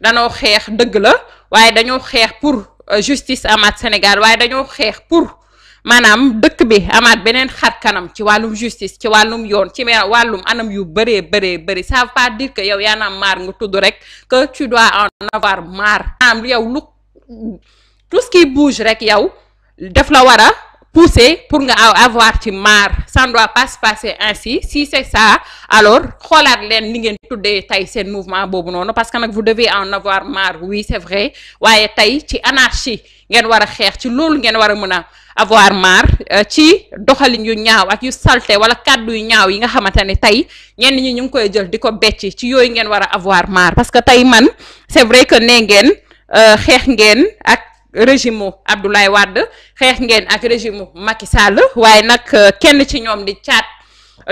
danoo xeex dëgg la waaye dañoo xeex pour euh, justice amaat Sénégal waaye dañoo xeex pour maanaam dëkk bi amaat beneen xat kanam ci wàllum justice ci wàllum yoon ci wàllum anam yu bëree bëree bëri ça veut pas dire que yow yaa na maar nga tudd rek que tu dois en avoir maar maanaam yow lu tout qui bouge rek yow def la war pousser pour nga avoir ci marre ça ne doit pas se ainsi si c'est ça alors xoolaat leen li ngeen tuddee tey seen mouvement boobu noonu parce que nag vous devez en avoir marre oui c'est vrai waaye tey ci anarchie ngeen war a xeex ci loolu ngeen war a mën a avoir marre euh, ci doxalin yu ñaaw ak yu salte wala kàddu yu ñaaw yi nga xamante ne tey ñenn ñi ñu ngi koy jël di ko becc ci yooyu ngeen war a avoir marre parce que tey man c'est vrai que nee ngeen euh, xeex ngeen ak. régime u Abdoulaye Wade xeex ngeen ak régime u Macky Sall waaye nag euh, kenn ci ñoom di caat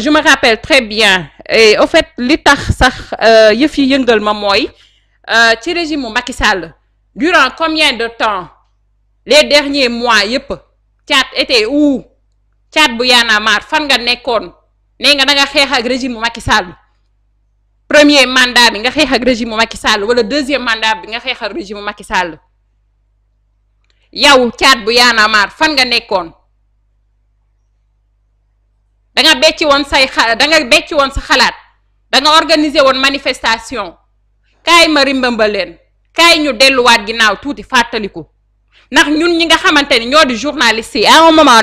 je me rappelle très bien et au fait li tax sax euh, yëf yi yëngal ma mooy euh, ci régime u Macky Sall durant combien de temps les derniers mois yëpp caat était où caat bu yaana maar fan nga nekkoon nee nga da nga xeex ak régime u Macky Sall premier mandat bi nga xeex ak régime mu Macky Sall wala deuxième mandat bi nga xeex ak régime u Macky Sall yow caat bu yaanamaar fan nga nekkoon danga becci woon say xa woon sa xalaat danga organiser woon manifestation kaay ma rimbamba leen kaay ñu delluwaat ginnaaw tuuti fàttaliku ndax ñun ñi nga xamante ni ñoo di journaliste yi à un moment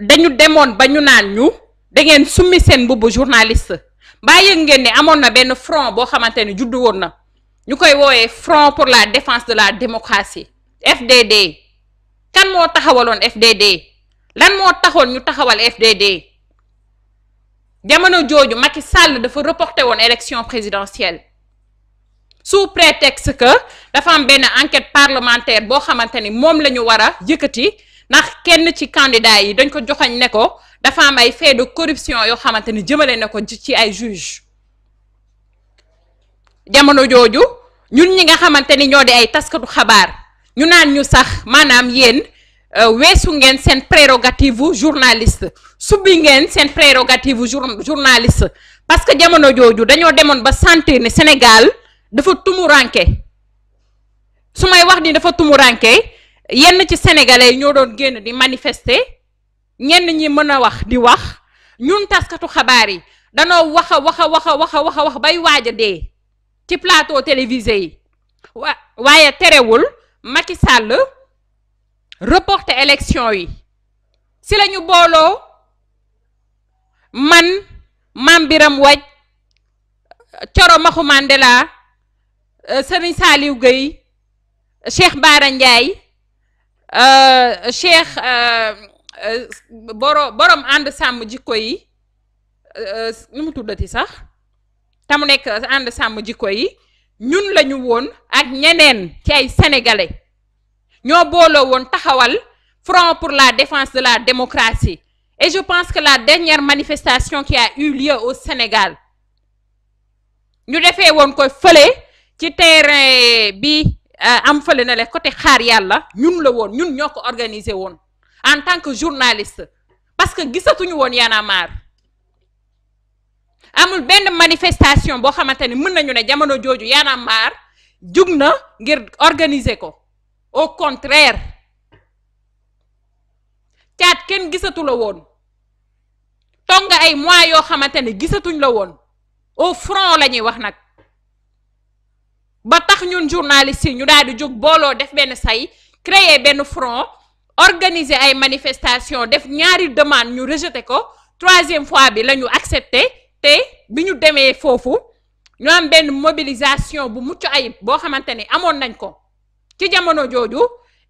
dañu demoon ba ñu naan ñu da ngeen summi seen mbubbu journaliste baa ngeen ne amoon na benn front boo xamante ni juddu woon na ñu koy woowee front pour la défense de la démocratie FDD kan moo taxawaloon FDD lan moo taxoon ñu taxawal FDD jamono jooju Macky Sall dafa reporté woon élection présidentielle sous prétexte que dafa am benn enquête parlementaire boo xamante ni moom la ñu war a yëkkati ndax kenn ci candidat yi dañ ko joxañ ne ko dafa am ay fait de corruption yoo xamante ni jëmale na ko ci ay juge jamono jooju ñun ñi nga xamante ni ñoo di ay taskatu xabaar. ñu naan ñu sax maanaam yéen euh, weesu ngeen seen prérogative journaliste subbi ngeen seen prérogative journaliste parce que jamono jooju dañoo demoon ba sentir ne Sénégal dafa tumuranke su may wax ni dafa tumuranke yenn ci sénégalais yi ñoo doon génn di manifester ñenn ñi mën a wax di wax ñun taskatu xabaar yi danoo wax a wax a wax wax a wax a wax bay waaj a dee ci plateau télévisé yi wa waaye terewul Macky Sall reporter élection yi si la ñu booloo man Mame biram Wathie Coro Maxu Mandela euh, Serigne Saliou Gueye Cheikh Bara Ndiaye euh, Cheikh euh, boro borom ànd sàmm jikko yi lu mu tuddati sax te mu nekk ànd sàmm jikko yi ñun lañu woon ak ñeneen ci ay sénégalais ñoo booloo woon taxawal front pour la défense de la démocratie et je pense que la dernière manifestation qui a eu lieu au Sénégal ñu defee woon ko fële ci terrain bi euh, am fële na le côté xaar yàlla ñun la woon ñun ñoo ko organiser woon en tant que journaliste parce que gisatuñu woon yanamar amul benn manifestation boo xamante ni mën nañu ne jamono jooju Y en jug na ngir organiser ko au contraire caat kenn gisatu la woon toog nga ay mois yoo xamante ni gisatuñ la woon au front la ñuy wax nag ba tax ñun journalistes yi ñu daal di jóg booloo def benn say créer benn front organiser ay manifestation def ñaari demande ñu rejeté ko troisième fois bi la ñu accepté te bi ñu demee foofu ñu am benn mobilisation bu mucc ayib boo xamante ne amoon nañ ko ci jamono jooju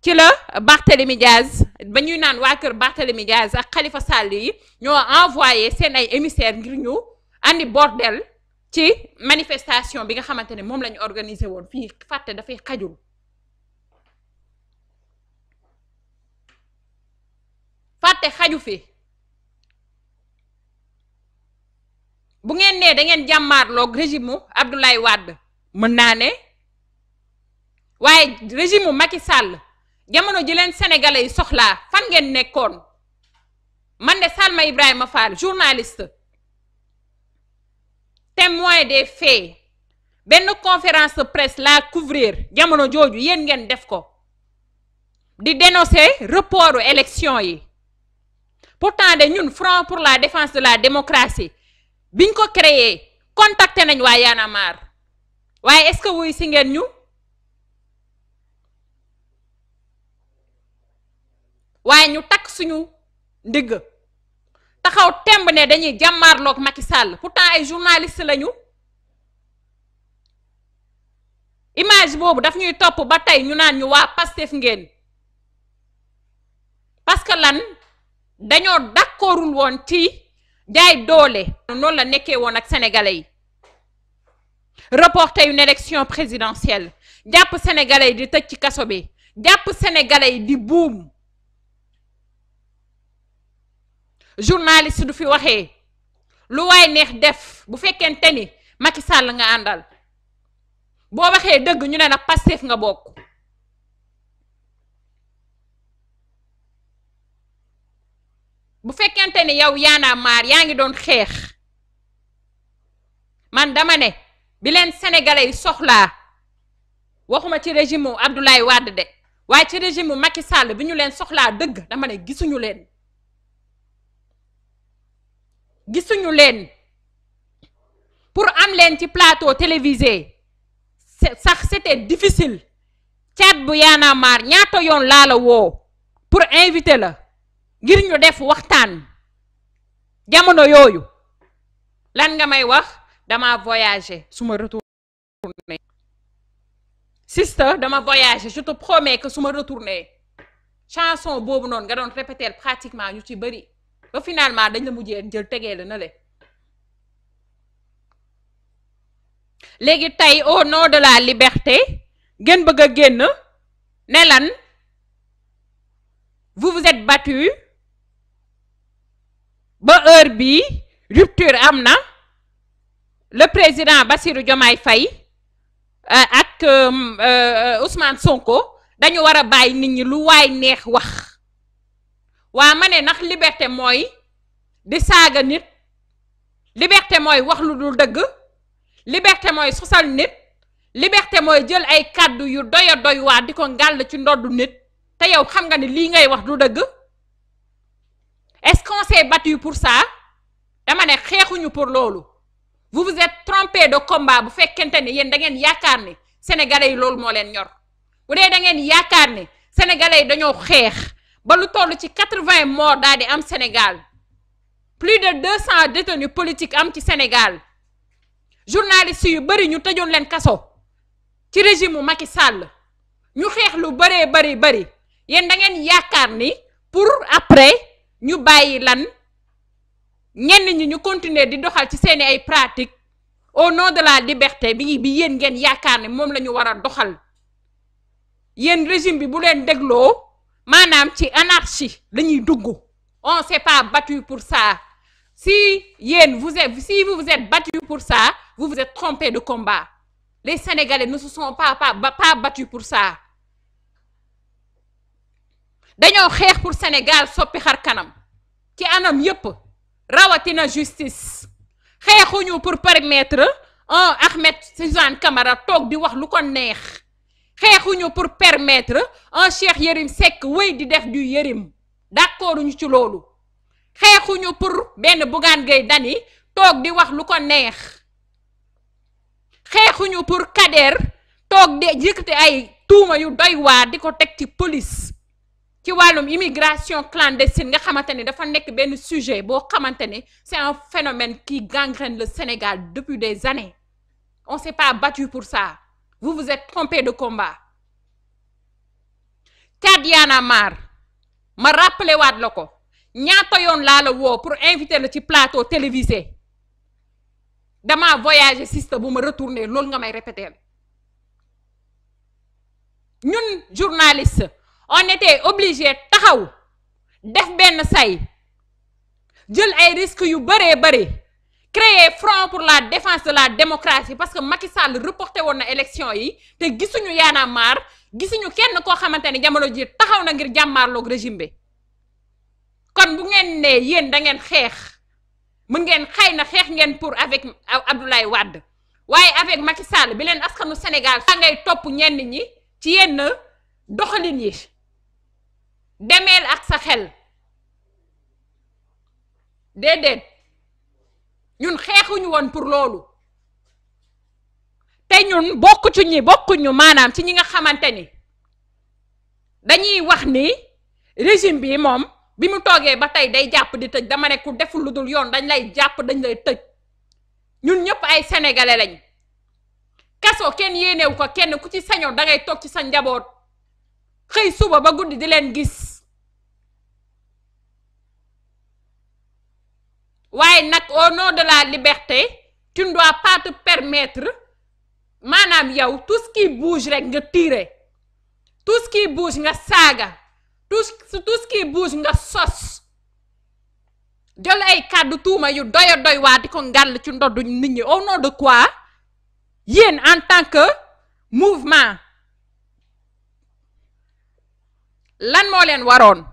ci la Barthélemy Diaz ba ñuy naan waa kër Barthélemy Diaz ak Khalifa Sall yi ñoo envoyé seen ay émissaires ngir ñu andi bordel ci manifestation bi nga xamante ne moom lañu ñu woon fii fàtte dafay xajul. fàtte xaju fi bu ngeen nee da ngeen jàmmaarloog régime mu Abdoulaye Wade mën naa ne waaye régime mu Macky jamono ji leen sénégalais yi soxlaa fan ngeen nekkoon man de Salma Ibrahima Fall journaliste témoin des faits benn conférence de presse couvrir jamono jooju yéen ngeen def ko di dénoncer reportu élection yi pourtant de ñun Front pour la défense de la démocratie biñ ko créer contacté nañ waa Y'en a marre waaye est-ce que ngeen ñu waaye ñu takk suñu ndigg taxaw temb ne dañuy jàmmaarloog Macky Sall pourtant ay journaliste lañu image boobu daf ñuy topp ba tey ñu naan ñu waa Pastef ngeen parce que lan dañoo d'accordul woon ci jaay doole noonu la nekkee woon ak sénégalais yi reporté une élection présidentielle jàpp sénégalais yi di tëj ci kaso bi jàpp sénégalais yi di buum journaliste du fi waxee lu waay neex def bu fekkente ni Macky Sall nga àndal boo waxee dëgg ñu ne la Pastef nga bokk bu fekkente ni yow yaana yaa ngi doon xeex man dama ne bi leen sénégalais yi soxlaa waxuma ci régime mu Abdoulaye Wade de waaye ci régime mu Macky sàll bi ñu leen soxlaa dëgg dama ne gisuñu leen gisuñu leen pour am leen ci plateau télévisé sax c'était difficile caat bu yaana maar ñaata yoon laa la woo pour invité la ngir ñu def waxtaan jamono yooyu lan nga may wax dama voyager su ma retourné sister dama voyager je te promets que su ma retourné chanson boobu noonu nga doon répéter pratiquement ñu ci bëri ba finalement dañ la mujjee jël tegee la na le léegi tey au nom de la liberté ngeen bëgg a génn ne lan vous vous êtes battu ba heure bii rupture am na le président Bassirou Diomaye fay euh, ak euh, euh, Ousmane Sonko dañu war a bàyyi nit ñi lu waay neex wax waa ma ne ndax liberté mooy di saaga nit liberté mooy wax lu dul dëgg liberté mooy sosal nit liberté mooy jël ay kàddu yu doya doy waa di ko gàll ci ndoddu nit te yow xam nga ni lii ngay wax du dëgg est-ce qu'on pour ça dama ne xeexuñu pour loolu vous vous êtes trompé de combat bu fekkente ni yéen da ngeen yaakaar ni sénégalais yi loolu moo leen ñor bu dee da yaakaar ne sénégalais yi dañoo xeex ba lu toll ci quatre vingt morts daal di am Sénégal plus de deux cents détenus politiques am ci Sénégal journalistes yu bëri ñu tëjoon leen kaso ci régime mu yi Sall ñu xeex lu bëree bëri bëri yéen da ngeen yaakaar ni pour après. ñu bàyyi lan ñenn ñi ñu continuer di doxal ci seeni ay pratique au non de la liberté bi bi yéen ngeen yaakaar ne moom la ñu war a doxal yéen régime bi bu leen dégloo maanaam ci anarchie lañuy dugg on s'est pas battu pour ça si yéen vous êtes si vous vous êtes battu pour ça vous vous êtes trompé de combat les sénégalais ne se sont pas pas pas battus pour ça dañoo xeex pour Sénégal soppi xar kanam ci anam yépp rawatina justice xeexuñu pour permettre un Ahmed Suzanne Camara toog di wax lu ko neex xeexuñu pour permettre un Cheikh Yérim Seck wéy di def du Yérim d'accord ñu ci loolu xeexuñu pour benn Bougane Gueye Dany toog di wax lu ko neex xeexuñu pour Kader toog di yëkkati ay tuuma yu doy waar di ko teg ci police ci wàllum immigration clandestine nga xamante ne dafa nekk benn sujet boo xamante ne c'est un phénomène qui gangrène le Sénégal depuis des années on s'est pas battu pour ça vous vous êtes trompé de combat Thiat Y'en a ma rappelé waat la ko ñaata yoon laa la woo pour inviter la ci plateau télévisé damaa voyager siste bu ma retourner loolu nga may répéter ñun journaliste on était obligé taxaw def benn say jël ay risques yu bëree bëri créer front pour la défense de la démocratie parce que Macky Sall reporté woon na élection yi te gisuñu Y'en gisuñu kenn koo xamante ne jamono ji taxaw na ngir jàmmaarloog régime bi kon bu ngeen ne yéen dangeen xeex mën ngeen xëy na xeex ngeen pour avec Abdoulaye Wade waaye avec Macky Sall bi leen askanu Sénégal saa ngay topp ñenn ñi ci yenn doxalin yi demeel ak sa xel déedéet ñun xeexuñu woon pour loolu te ñun bokku ci ñi bokkuñu maanaam ci ñi nga xamante ni dañuy wax ni régime bi moom bi mu toogee ba tey day jàpp di tëj dama ne ku deful lu dul yoon dañ lay jàpp dañ lay tëj ñun ñëpp ay sénégalais lañ kaso kenn yéenewu ko kenn ku ci sañoo da ngay toog ci sa njaboot xëy suba ba guddi di leen gis waaye nag au nom de la liberté tu ne dois pas maanaam yow tout ce qui rek nga tiire tout ce nga saaga tout tout ce nga sos jël ay kàddu tuuma yu doy doy waa di ko ngàll ci ndoddu nit ñi au nom de quoi yéen en tant que mouvement lan moo leen waroon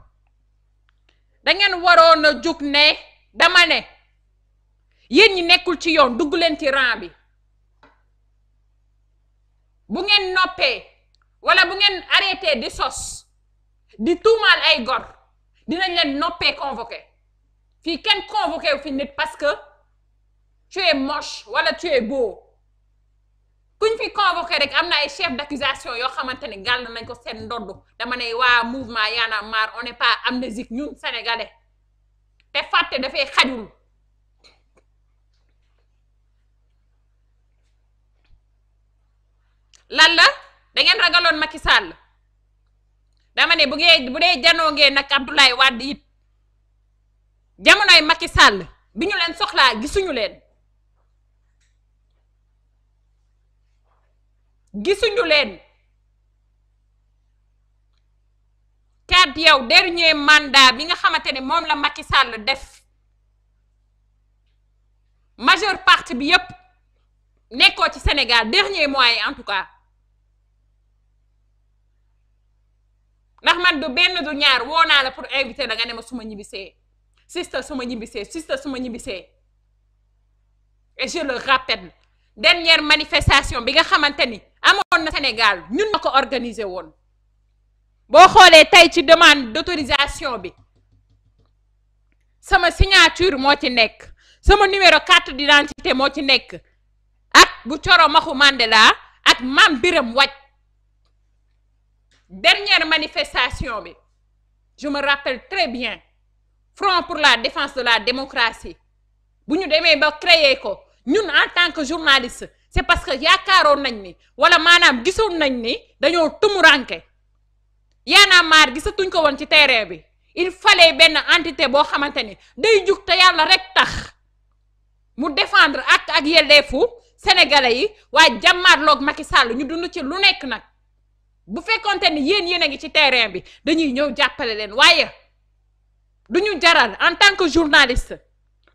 da ngeen waroon a jóg ne. dama ne yéen ñi nekkul ci yoon dugg leen ci rang bi bu ngeen noppee wala bu ngeen arrêté di sos di tuumaal ay gor dinañ leen noppee convoqué fii kenn convoqué wu nit parce que tu es moche wala tu es beau kuñ fi convoqué rek am na ay chef d'accusation yoo xamante ne gàll nañ ko seen ndodd dama ne waa mouvement Y en a marre on n'est pas amnésique ñun sénégalais te fàtte dafay xajul lan la da ragaloon Macky Sall dama ne bu ngee bu dee janoo ngeen nag Abdoulaye Wade it jamonoy Macky Sall bi ñu leen soxlaa gisuñu leen gisuñu leen kat yow dernier mandat bi nga xamante ne moom la Macky Sall def majeure partie bi yépp nekkoo ci Sénégal dernier mois yi en tout cas ndax man du benn du ñaar woo naa la pour invité da nga ne ma suma ñibbisee sista su ma ñibbisee sista su ma ñibbisee et je le rappelle dernière manifestation bi nga xamante ni amoon na Sénégal ñun na ko organiser woon boo xoolee tey ci demande d'autorisation bi sama signature moo ci nekk sama numéro carte d'identité moo ci nekk ak bu Coro Maxu Mandela ak Maam Biram Waj dernière manifestation bi je me très bien Front pour la défense de la démocratie bu ñu demee ba créer ko ñun en tant que journaliste c'est parce que yaakaaroon nañ ni wala maanaam gisoon nañ ni dañoo tumuranke yaanaa maar gisatuñ ko woon ci terrain bi il fallait benn entité boo xamante ni day jug te yàlla rek tax mu défendre ak ak yelleefu sénégalais yi waaye jàmmaarloog Macky sàll ñu dund ci lu nekk nag bu fekkonte ni yéen yéen a ngi ci terain bi dañuy ñëw jàppale leen waaye du ñu jaral en tant que journaliste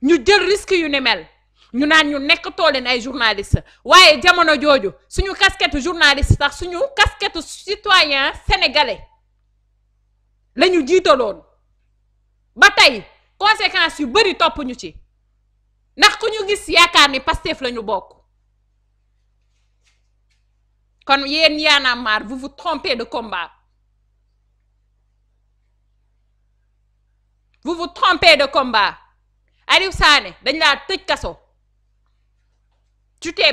ñu jël risque yu ni mel ñu naan ñu nekk too leen ay journaliste waaye jamono jooju suñu casquette journaliste sax suñu casquette citoyen sénégalais lañu ñu jiitaloon ba tey conséquences yu bëri topp ñu ci ndax ku ñu gis yaakaar ni Pastef la ñu bokk kon yéen Y'en a marre vous de combat vous vous de combat Aliou dañ laa tëj kaso tu t'es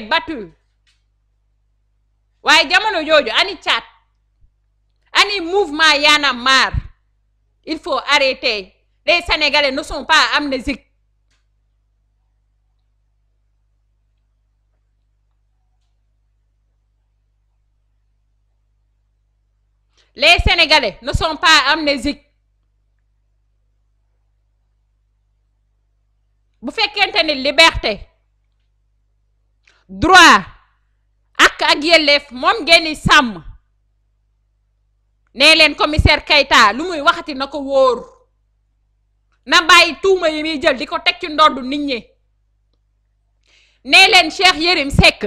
waaye jamono jooju ani caat ani mouvement Y'en a il faut arrêter les Sénégalais ne sont pas amnésiques les Sénégalais ne sont pas amnésiques bu fekkente ni liberté droit ak ak yelleef moom ngeen di nee leen commissaire Keita lu muy waxati na ko wóor na bàyyi tuuma yi muy jël di ko teg ci ndoddu nit ñi nee leen Cheikh Yérim Seck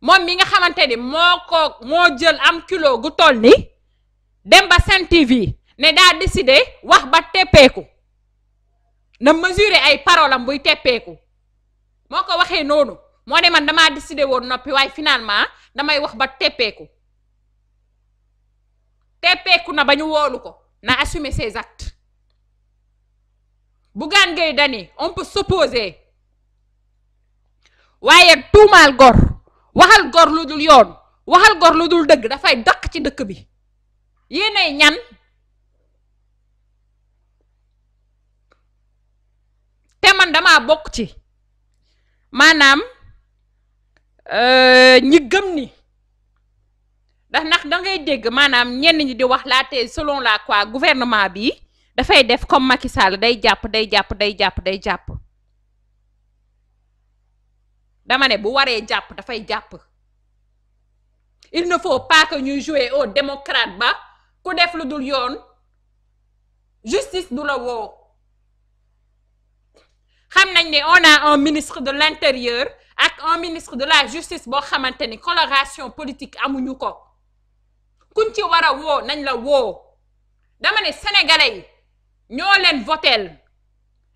moom mi nga xamante ni moo ko moo jël am kilo gu toll ni dem ba Sen TV ne daa décider wax ba teppeeku na mesurer ay parole buy teppeeku moo ko waxee noonu moo ne man damaa décider woon noppi waaye finalement damay wax ba teppeeku teppeeku na ba ñu woolu ko na assumer ses actes Bougane Gueye Dany on peut s'opposer waaye tuumaal gor waxal gor lu dul yoon waxal gor lu dul dëgg dafay dàq ci dëkk bi yéenay ñan te man dama bokk ci maanaam euh, ñi gëm ni ndax ndax dangay dégg maanaam ñenn ñi di wax la thèse selon la quoi gouvernement bi dafay def comme Macky Sall day jàpp day jàpp day jàpp day jàpp dama ne bu waree jàpp dafay jàpp il ne faut pas que ñuy jouer au démocrate ba ku def lu dul yoon justice du la woo xam nañ ne on a un ministre de l'intérieur ak un ministre de la justice boo xamante ni coloration politique amuñu ko kuñ ci war a woo nañ la woo dama ne sénégalais yi ñoo leen voteel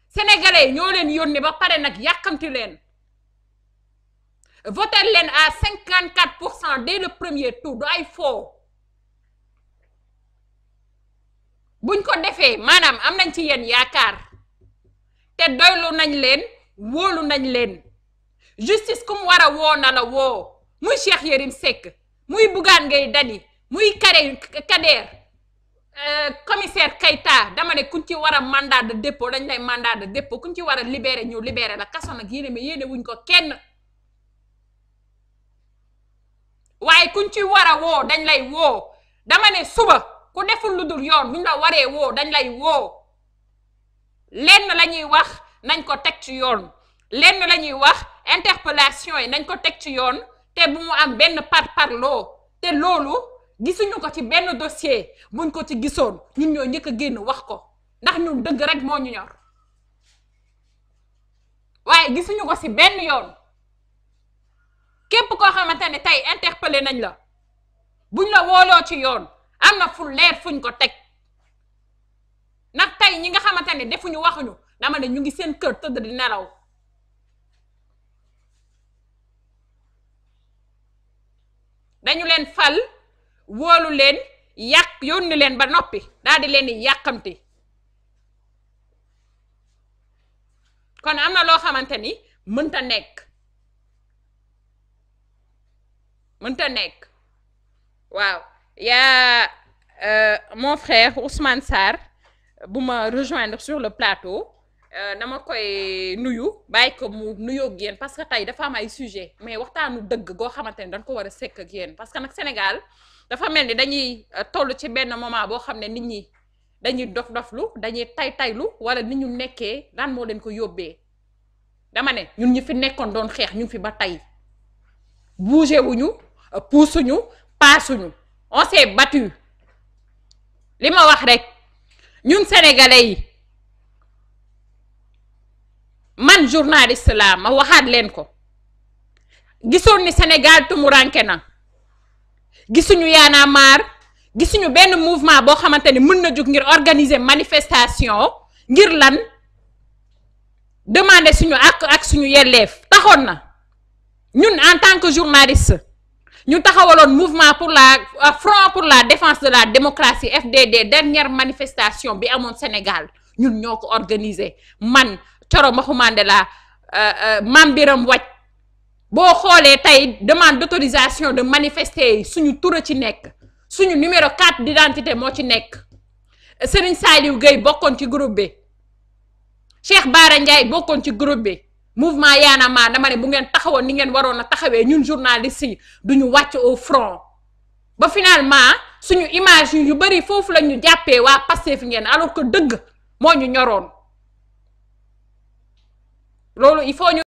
sénégalais ñoo leen yónni ba pare nag yàkkamti leen voteel leen à cinquante quatre pour cent dès le premier tour du ay foo buñ ko defee maanaam am nañ ci yéen yaakaar te doylu nañ leen woolu nañ leen justice ku mu war a woo na la woo muy Cheikh Yérim Seck muy Bougane Gueye Dany muy kare kadeer euh, commissaire Kayta dama ne kuñ ci war a mandat de dépôt dañ lay mandat de dépôt kuñ ci war a libéré ñu libéré la kaso nag yéene ma yéene wuñ ko kenn waaye kuñ ci war a woo dañ lay woo dama ne suba ku deful lu dul yoon buñ la waree woo dañ lay woo lenn lañuy wax nañ ko teg ci yoon lenn lañuy wax interpellation yi nañ ko teg ci yoon te bu mu am benn par parloo te loolu gisuñu ko ci benn dossier buñ ko ci gisoon ñun ñoo njëkk a génn wax ko ndax ñu dëgg rek moo ñu ñor waaye gisuñu ko ci benn yoon képp koo xamante ne tey interpellé nañ la buñ la wooloo ci yoon am na fu leer fuñ ko teg ndax tey ñi nga xamante ne defuñu waxuñu dama ne ñu ngi seen kër tëdd di nelaw dañu leen fal woolu leen yàq yoon yónni leen ba noppi daal di leen yàqamti kon am na loo xamante ni mënta nekk mënta nekk waaw yaa euh, mon frère Ousmane Sarr bu ma rejoindre sur le plateau dama euh, koy nuyu bàyyi ko mu nuyook yéen parce que tey dafa am ay sujet mais waxtaanu dëgg goo xamante ni dañ ko war a sekk ak yéen parce que nag Sénégal dafa mel ni dañuy euh, toll ci benn moment boo xam ne nit ñi dañuy dof doflu dañuy tay taylu wala nit ñu nekkee lan moo leen ko yóbbee dama ne ñun ñu fi nekkoon doon xeex ñu fi ba tey bougé wuñu euh, puusuñu paasuñu on s'est li ma wax rek ñun sénégalais yi man journaliste laa ma waxaat leen ko gisoon ni Sénégal tumuraanke na gisuñu yaana maar gisuñu benn mouvement boo xamante ni mën na jóg ngir organiser manifestation ngir lan demander suñu ak ak suñu yelleef taxoon na ñun en tant que journaliste ñu taxawaloon mouvement pour la euh, front pour la défense de la démocratie FDD dernière manifestation bi amoon Sénégal ñun ñoo ko organiser man Coro Maxu Mandela euh, euh, Mame Biram Wacc boo xoolee tey demande d'autorisation de manifester yi suñu tur a ci nekk suñu numéro carte d'identité moo ci nekk Serigne Saliou Gueye bokkoon ci groupe bi Cheikh Bara Ndiaye bokkoon ci groupe bi mouvement Y'en na marre dama ne bu ngeen taxawoon ni ngeen waroon a taxawee ñun journalistes yi duñu wàcc au front ba finalement suñu image yu bëri foofu la ñu jàppee waa Pastef ngeen alors que dëgg moo ñu ñoroon loolu il faut ñu